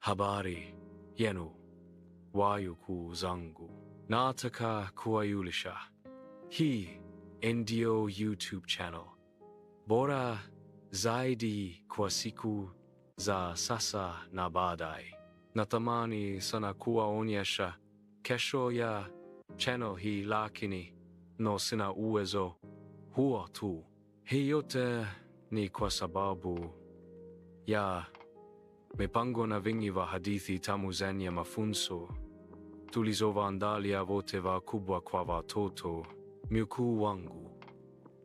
habari yenu wajukuu zangu, nataka kuwajulisha hii ndio YouTube channel bora zaidi kwa siku za sasa na baadaye. Natamani sana kuwaonyesha kesho ya channel hii, lakini no sina uwezo huo tu. Hii yote ni kwa sababu ya mipango na vingi wa hadithi tamu zenye mafunzo vote va kubwa kwa vatoto Mjukuu wangu,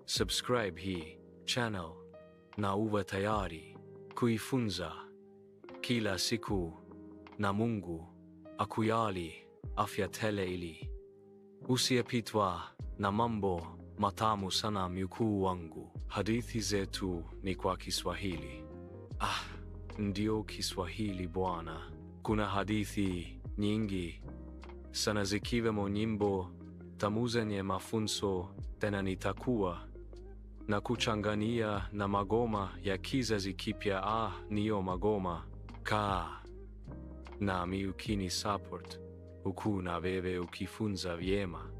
subscribe hii channel na uwe tayari kuifunza kila siku, na Mungu akuyali afya tele ili usiyepitwa na mambo matamu sana. Mjukuu wangu, hadithi zetu ni kwa Kiswahili ah ndio Kiswahili bwana. Kuna hadithi nyingi sana zikiwemo nyimbo tamu zenye mafunzo, tena nitakuwa na kuchangania na magoma ya kizazi kipya. Ah, niyo magoma ka nami ukini support huku na wewe ukifunza vyema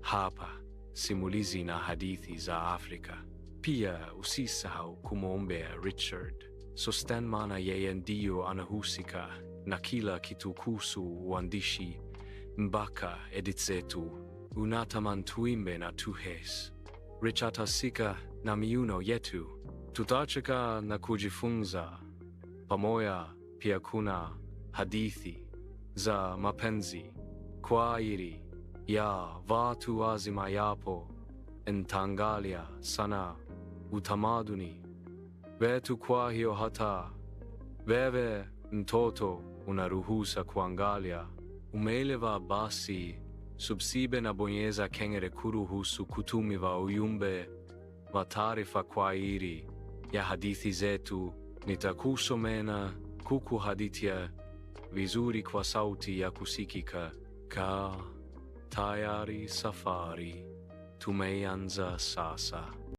hapa simulizi na hadithi za Afrika. Pia usisahau kumwombea Richard. Sosten stanmana yeye ndiyo anahusika na kila kitu kuhusu uandishi, mpaka edit zetu. Unatamani tuimbe na tuhes richatasika na miuno yetu, tutacheka na kujifunza pamoya Pia kuna hadithi za mapenzi, kwairi ya watu wazima yapo entangalia sana utamaduni wetu. Kwa hiyo hata wewe mtoto unaruhusa kuangalia. Umeelewa? Basi subscribe na bonyeza kengele kuruhusu kutumiwa ujumbe wa taarifa kwa ajili ya hadithi zetu. kuku kukuhadithia vizuri kwa sauti ya kusikika. Ka tayari, safari tumeanza sasa.